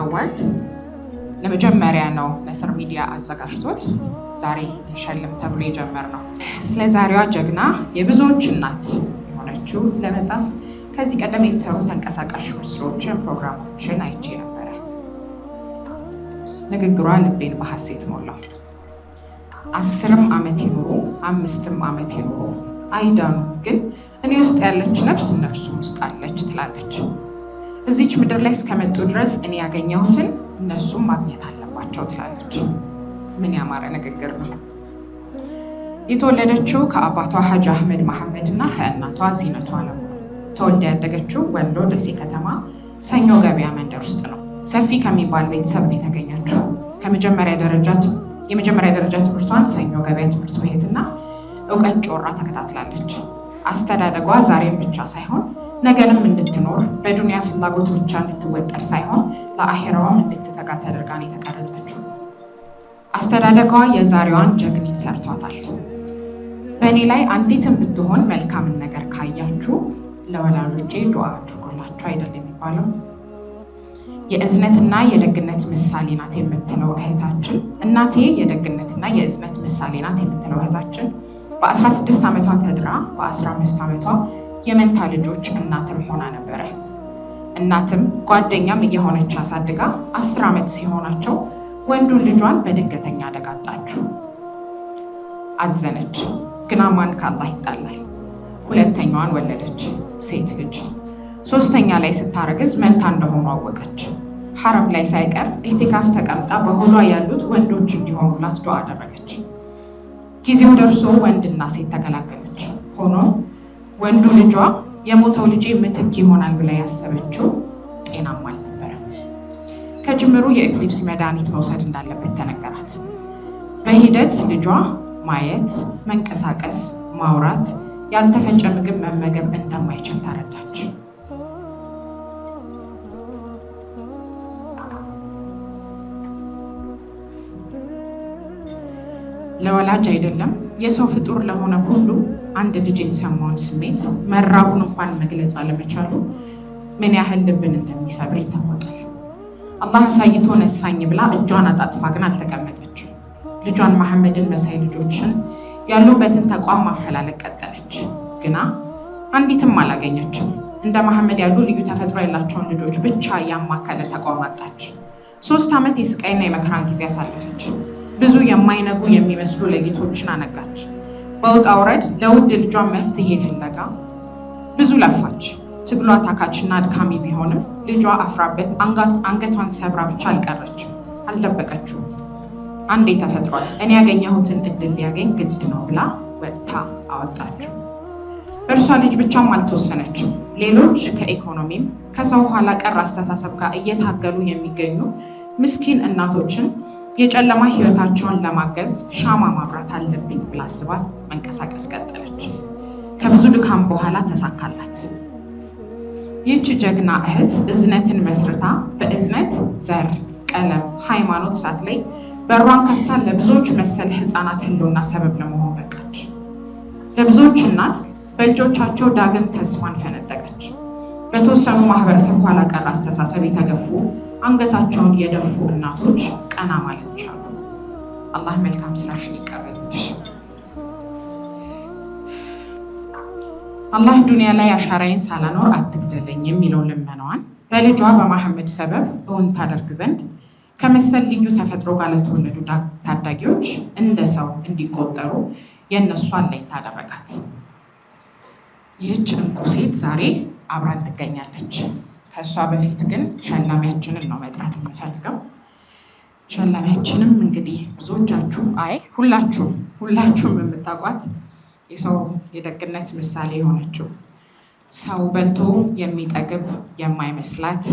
አዋርድ ለመጀመሪያ ነው ነስር ሚዲያ አዘጋጅቶት ዛሬ እንሸልም ተብሎ የጀመር ነው። ስለ ዛሬዋ ጀግና የብዙዎች እናት የሆነችው ለመጻፍ ከዚህ ቀደም የተሰሩ ተንቀሳቃሽ ምስሎችን፣ ፕሮግራሞችን አይቼ ነበረ። ንግግሯ ልቤን በሀሴት ሞላው። አስርም ዓመት ይኑሩ አምስትም ዓመት ይኑሩ አይዳኑ፣ ግን እኔ ውስጥ ያለች ነፍስ እነርሱ ውስጥ አለች ትላለች። እዚች ምድር ላይ እስከመጡ ድረስ እኔ ያገኘሁትን እነሱም ማግኘት አለባቸው ትላለች። ምን ያማረ ንግግር ነው! የተወለደችው ከአባቷ ሀጅ አህመድ መሐመድ እና ከእናቷ ዚነቷ ነው። ተወልዳ ያደገችው ወሎ ደሴ ከተማ ሰኞ ገበያ መንደር ውስጥ ነው። ሰፊ ከሚባል ቤተሰብ ነው የተገኘችው። ከመጀመሪያ ደረጃ የመጀመሪያ ደረጃ ትምህርቷን ሰኞ ገበያ ትምህርት ቤትና እውቀት ጮራ ተከታትላለች። አስተዳደጓ ዛሬም ብቻ ሳይሆን ነገንም እንድትኖር በዱንያ ፍላጎት ብቻ እንድትወጠር ሳይሆን ለአሄራዋም እንድትተጋ ተደርጋን የተቀረጸችው። አስተዳደጓ የዛሬዋን ጀግኒት ሰርቷታል። በእኔ ላይ አንዲትም ብትሆን መልካምን ነገር ካያችሁ ለወላጆቼ ዱዓ አድርጎላቸው አይደል የሚባለው? የእዝነትና የደግነት ምሳሌ ናት የምትለው እህታችን እናቴ የደግነትና የእዝነት ምሳሌ ናት የምትለው እህታችን በ16 ዓመቷ ተድራ በ15 ዓመቷ የመንታ ልጆች እናትም ሆና ነበረ። እናትም ጓደኛም እየሆነች አሳድጋ አስር ዓመት ሲሆናቸው ወንዱን ልጇን በድንገተኛ አደጋ አጣችሁ። አዘነች፣ ግን አማን ካላህ ይጣላል። ሁለተኛዋን ወለደች፣ ሴት ልጅ። ሶስተኛ ላይ ስታረግዝ መንታ እንደሆኑ አወቀች። ሐረም ላይ ሳይቀር ኢህቲካፍ ተቀምጣ በሆዷ ያሉት ወንዶች እንዲሆኑላት ዱዓ አደረገች። ጊዜው ደርሶ ወንድና ሴት ተገላገለች። ሆኖ ወንዱ ልጇ የሞተው ልጄ ምትክ ይሆናል ብላ ያሰበችው ጤናማ አልነበረም። ከጅምሩ የኤክሊፕስ መድኃኒት መውሰድ እንዳለበት ተነገራት። በሂደት ልጇ ማየት፣ መንቀሳቀስ፣ ማውራት፣ ያልተፈጨ ምግብ መመገብ እንደማይችል ተረዳች። ለወላጅ አይደለም የሰው ፍጡር ለሆነ ሁሉ አንድ ልጅ የተሰማውን ስሜት መራቡን እንኳን መግለጽ አለመቻሉ ምን ያህል ልብን እንደሚሰብር ይታወቃል። አላህ አሳይቶ ነሳኝ ብላ እጇን አጣጥፋ ግን አልተቀመጠችም። ልጇን መሐመድን መሳይ ልጆችን ያሉበትን ተቋም ማፈላለግ ቀጠለች። ግና አንዲትም አላገኘችም። እንደ መሐመድ ያሉ ልዩ ተፈጥሮ ያላቸውን ልጆች ብቻ ያማከለ ተቋም አጣች። ሶስት ዓመት የስቃይና የመከራን ጊዜ አሳለፈች። ብዙ የማይነጉ የሚመስሉ ሌሊቶችን አነጋች። በውጣ ውረድ ለውድ ልጇ መፍትሄ ፍለጋ ብዙ ለፋች። ትግሏ ታካችና አድካሚ ቢሆንም ልጇ አፍራበት አንገቷን ሰብራ ብቻ አልቀረችም፣ አልደበቀችውም። አንዴ ተፈጥሯል፣ እኔ ያገኘሁትን እድል ሊያገኝ ግድ ነው ብላ ወጥታ አወጣችው። በእርሷ ልጅ ብቻም አልተወሰነችም። ሌሎች ከኢኮኖሚም ከሰው ኋላ ቀር አስተሳሰብ ጋር እየታገሉ የሚገኙ ምስኪን እናቶችን የጨለማ ህይወታቸውን ለማገዝ ሻማ ማብራት አለብኝ ብላ አስባት መንቀሳቀስ ቀጠለች። ከብዙ ድካም በኋላ ተሳካላት። ይህች ጀግና እህት እዝነትን መስርታ በእዝነት ዘር፣ ቀለም፣ ሃይማኖት እሳት ላይ በሯን ከፍታ ለብዙዎች መሰል ህፃናት ህልውና ሰበብ ለመሆን በቃች። ለብዙዎች እናት በልጆቻቸው ዳግም ተስፋን ፈነጠቀች። በተወሰኑ ማህበረሰብ ኋላ ቀር አስተሳሰብ የተገፉ አንገታቸውን የደፉ እናቶች ቀና ማለት ይቻሉ። አላህ መልካም ስራሽን ይቀበልሽ። አላህ ዱንያ ላይ አሻራዬን ሳላኖር አትግደለኝ የሚለው ልመናዋን በልጇ በማህመድ ሰበብ እውን ታደርግ ዘንድ ከመሰል ልዩ ተፈጥሮ ጋር ለተወለዱ ታዳጊዎች እንደ ሰው እንዲቆጠሩ የእነሱ አለኝታ አደረጋት። ይህች እንቁ ሴት ዛሬ አብራን ትገኛለች። ከእሷ በፊት ግን ሸላሚያችንን ነው መጥራት የምፈልገው። ሸላሚያችንም እንግዲህ ብዙዎቻችሁ አይ ሁላችሁም ሁላችሁም የምታውቋት የሰው የደግነት ምሳሌ የሆነችው ሰው በልቶ የሚጠግብ የማይመስላት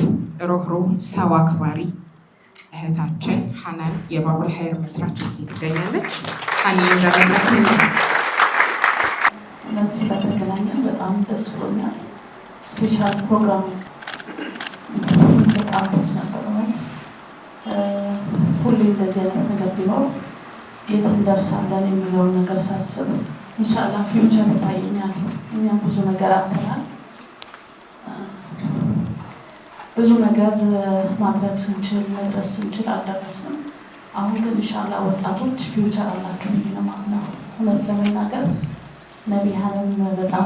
ሩህሩህ ሰው አክባሪ እህታችን ሀናን የባቡል ሀይር መስራች ትገኛለች። ሀኒ ስፔሻል ፕሮግራም በጣም ደስ ነበር። ሁሌ እንደዚህ አይነት ነገር ቢኖር የት እንደርሳለን የሚለውን ነገር ሳስብ እንሻላ ፊውቸር ይታየኛል። እኛም ብዙ ነገር አጥተናል። ብዙ ነገር ማድረግ ስንችል መድረስ ስንችል አልደረስንም። አሁን ግን እንሻላ ወጣቶች ፊውቸር አላቸው ነው እውነት ለመናገር ነቢያንም በጣም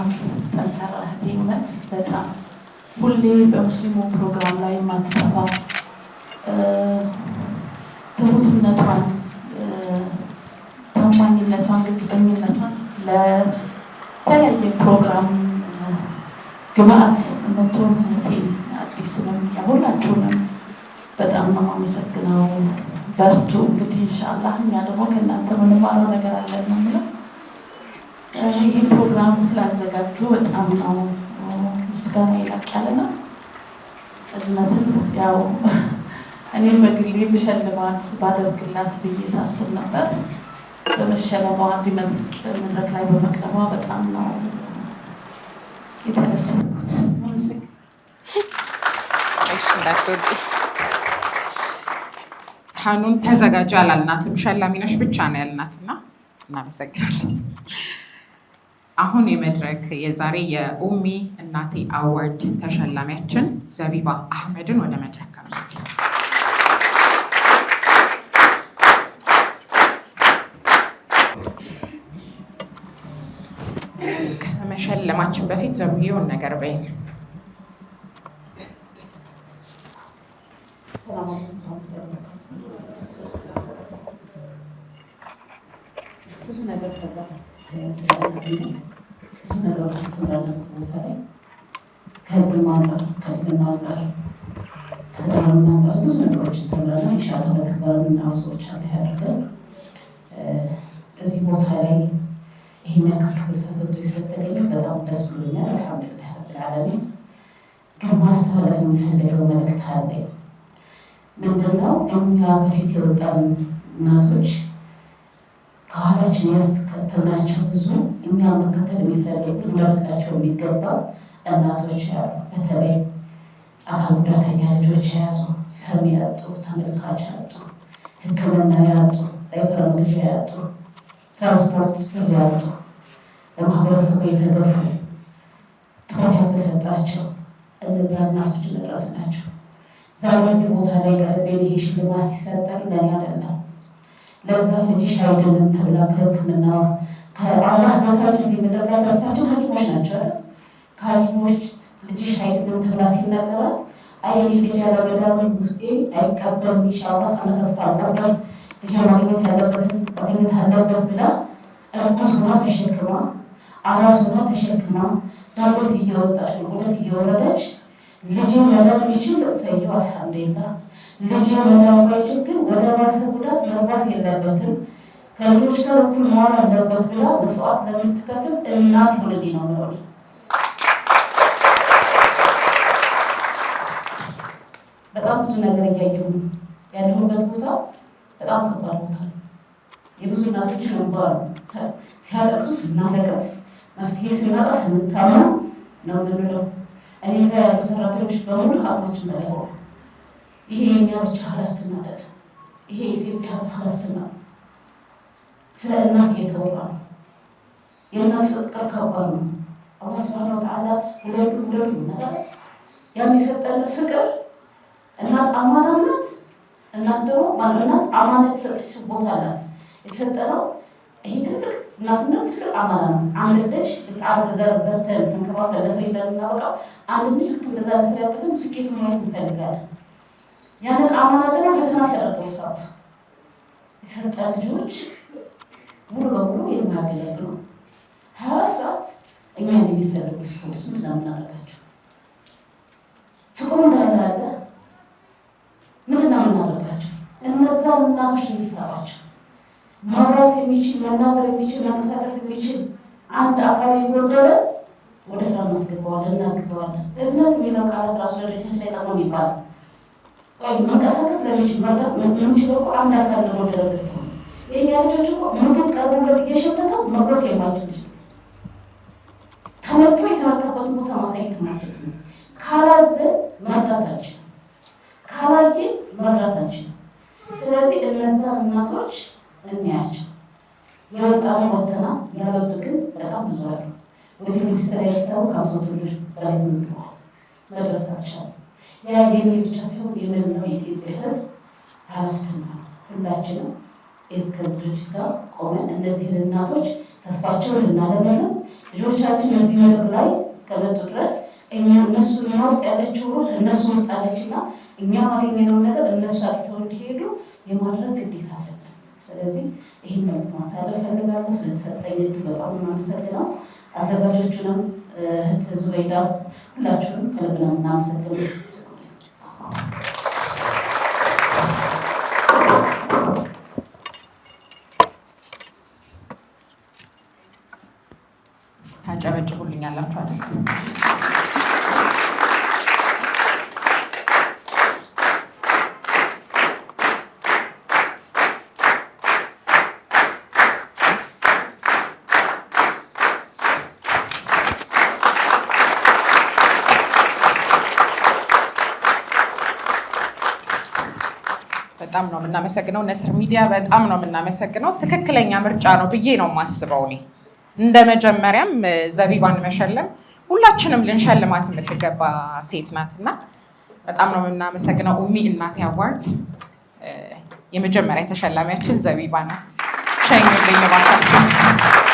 ጠንካራ እህቴ እውነት በጣም ሁሌ በሙስሊሙ ፕሮግራም ላይ የማትሰፋ ትሁትነቷን፣ ታማኝነቷን፣ ግልጽኝነቷን ለተለያየ ፕሮግራም ግብአት የምትሆን እህቴ አዲስንም ያሁላችሁንም በጣም ነው የማመሰግነው። በርቱ። እንግዲህ ኢንሻላህ እኛ ደግሞ ከእናንተ ምንማረው ነገር አለን ነው የምለው ይህን ፕሮግራም ላዘጋጁ በጣም ነው ምስጋና ይላቅ ያለ ነው። እዝነትም ያው እኔም በግሌ ብሸልማት ባደርግላት ብዬ ሳስብ ነበር። በመሸለሟ እዚህ መድረክ ላይ በመቅረቧ በጣም ነው የተደሰትኩት። ሀኑን ተዘጋጁ አላልናትም፣ ሸላሚነሽ ብቻ ነው ያልናትና እናመሰግናለን። አሁን የመድረክ የዛሬ የኡሚ እናቴ አዋርድ ተሸላሚያችን ዘቢባ አህመድን ወደ መድረክ ከመሸለማችን በፊት ዘሩየውን ነገር በይ። ብዙ ነገር በላይ ከህግም አንፃር ከህግና አንፃር ከተራሩና አንፃር ብዙ ነገሮችን ተምረና ይሻላ በተግባርና ሰዎች አለ ያደርገን እዚህ ቦታ ላይ ይህን ያክል ክብር ተሰጥቶ በጣም ደስ ብሎኛል። አልሐምዱሊላህ ረብል ዓለሚን። ግን ማስተላለፍ የሚፈልገው መልእክት አለኝ። ምንድነው እኛ ከፊት የወጣን እናቶች ከኋላችን ያስከተልናቸው ብዙ እኛ መከተል የሚፈልጉ ልንወስዳቸው የሚገባ እናቶች አሉ። በተለይ አካል ጉዳተኛ ልጆች የያዙ ሰሚ ያጡ፣ ተመልካች ያጡ፣ ሕክምና ያጡ፣ ዳይፐር መግዣ ያጡ፣ ትራንስፖርት ብር ያጡ፣ ለማህበረሰቡ የተገፉ ትኩረት ያልተሰጣቸው እነዛ እናቶች መድረስ ናቸው። ዛሬ ቦታ ላይ ቀርቤ ይሄ ሽልማት ሲሰጠኝ ለኔ አይደለም ለዛ ልጅሽ አይደለም ተብላ ከሕክምና ከአላህ በታች እዚህ ምድር ሐኪሞች ናቸው። ከሐኪሞች ልጅሽ አይደለም ተብላ ሲነገራት አይ ልጅ ያለመዳሩን ውስጤ አይቀበልም ኢንሻአላ ካለ ተስፋ ልጅ ማግኘት ያለበትን ማግኘት አለበት ብላ እርጉዝ ሆና ተሸክማ አራስ ሆና ተሸክማ ዛጎት እየወጣች ነው እውነት እየወረደች ልጅ መዳን ቢችል እሰየው፣ አልሐምዱሊላ። ልጅ መዳን ባይችል ግን ወደ ባሰ ጉዳት መግባት የለበትም ከልጆች ጋር እኩል መሆን አለበት ብላ መስዋዕት ለምትከፍል እናት ወልዴ ነው ነው በጣም ብዙ ነገር እያየሁ ነው ያለሁበት ቦታ በጣም ከባድ ቦታ ነው። የብዙ እናቶች ነባ ሲያለቅሱ ስናለቀስ መፍትሄ ስናጣ ስንታማ ነው ምንለው እኔ ጋር ያሉ ሰራተኞች በሙሉ ከአቅማችን በላይ ሆነ። ይሄ የኛ ብቻ ኃላፊነት አይደለም። ይሄ የኢትዮጵያ ሕዝብ ኃላፊነት ነው። ስለ እናት እየተወራ ነው። የእናት ፍቅር ከባድ ነው። አላህ ስብሐነ ወተዓላ ውለዱ ውለዱ ይናል። ያን የሰጠን ፍቅር እናት አማና ናት። እናት ደግሞ ባለናት አማና የተሰጠች ቦታ አላት። የተሰጠነው ይሄ ትልቅ እናትና ትልቅ አማራ ነው። አንድ ልጅ ህፃን ተዘርዘር ተንከባከል ለፍሬ እንደምናበቃው አንድ ልጅ ልክ እንደዛ ለፍሬ ማየት እንፈልጋለን። ያንን አማራ ደግሞ ፈተና ሲያደርገው ሰው የሰጠ ልጆች ሙሉ በሙሉ የማያገለግሉ ሀያ ሰዓት እኛ የሚፈልጉ ስፖርት ፍቅሩ እንዳለ ምንድን ነው የምናደርጋቸው? እናቶች ማውራት የሚችል መናገር የሚችል መንቀሳቀስ የሚችል አንድ አካል የጎደለ ወደ ስራ እናስገባዋለን፣ እናግዘዋለን። እዝነት የሚለው ቃላት ራሱ ለልጆች ላይ ጠቅሞ ይባላል። መንቀሳቀስ ለሚችል መርዳት የምንችለው እኮ አንድ አካል ለጎደለበት ሰው ይህ ያልጆች እኮ ምግብ ቀርቦለት እየሸተተው መጎስ የማይችል ተመቶ የተመታበትን ቦታ ማሳየት የማይችል ካላዘ መርዳት አንችልም፣ ካላየ መርዳት አንችልም። ስለዚህ እነዛን እናቶች እንያቸው። ግን በጣም ብዙ አሉ። ወደ ትውልድ በላይ ተመዝግበዋል። ብቻ ሳይሆን የመላው የኢትዮጵያ ኃላፊነት ነው። ሁላችንም ድርጅት ጋር ቆመን እናቶች ተስፋቸውን ልናለመለም ልጆቻችን እዚህ ምድር ላይ እስከመጡ ድረስ እኛ እነሱ ውስጥ ያለችው ሩህ እነሱ ውስጥ አለችና እኛ ማገኘነው ነገር እነሱ አግኝተው እንዲሄዱ የማድረግ ግዴታ ለ። ስለዚህ ይህን መልዕክት ማሳለፍ እፈልጋለሁ። ስለተሰጠኝ እድል በጣም የማመሰግነው አዘጋጆቹንም እህት ዙበይዳ ሁላችሁንም ከልብ ነው የምናመሰግነው። በጣም ነው የምናመሰግነው። ነስር ሚዲያ በጣም ነው የምናመሰግነው። ትክክለኛ ምርጫ ነው ብዬ ነው የማስበው እኔ እንደ መጀመሪያም ዘቢባን መሸለም ሁላችንም ልንሸልማት የምትገባ ሴት ናት እና በጣም ነው የምናመሰግነው። ኡሚ እናቴ አዋርድ የመጀመሪያ ተሸላሚያችን ዘቢባ ናት። ሸኙ ልባታ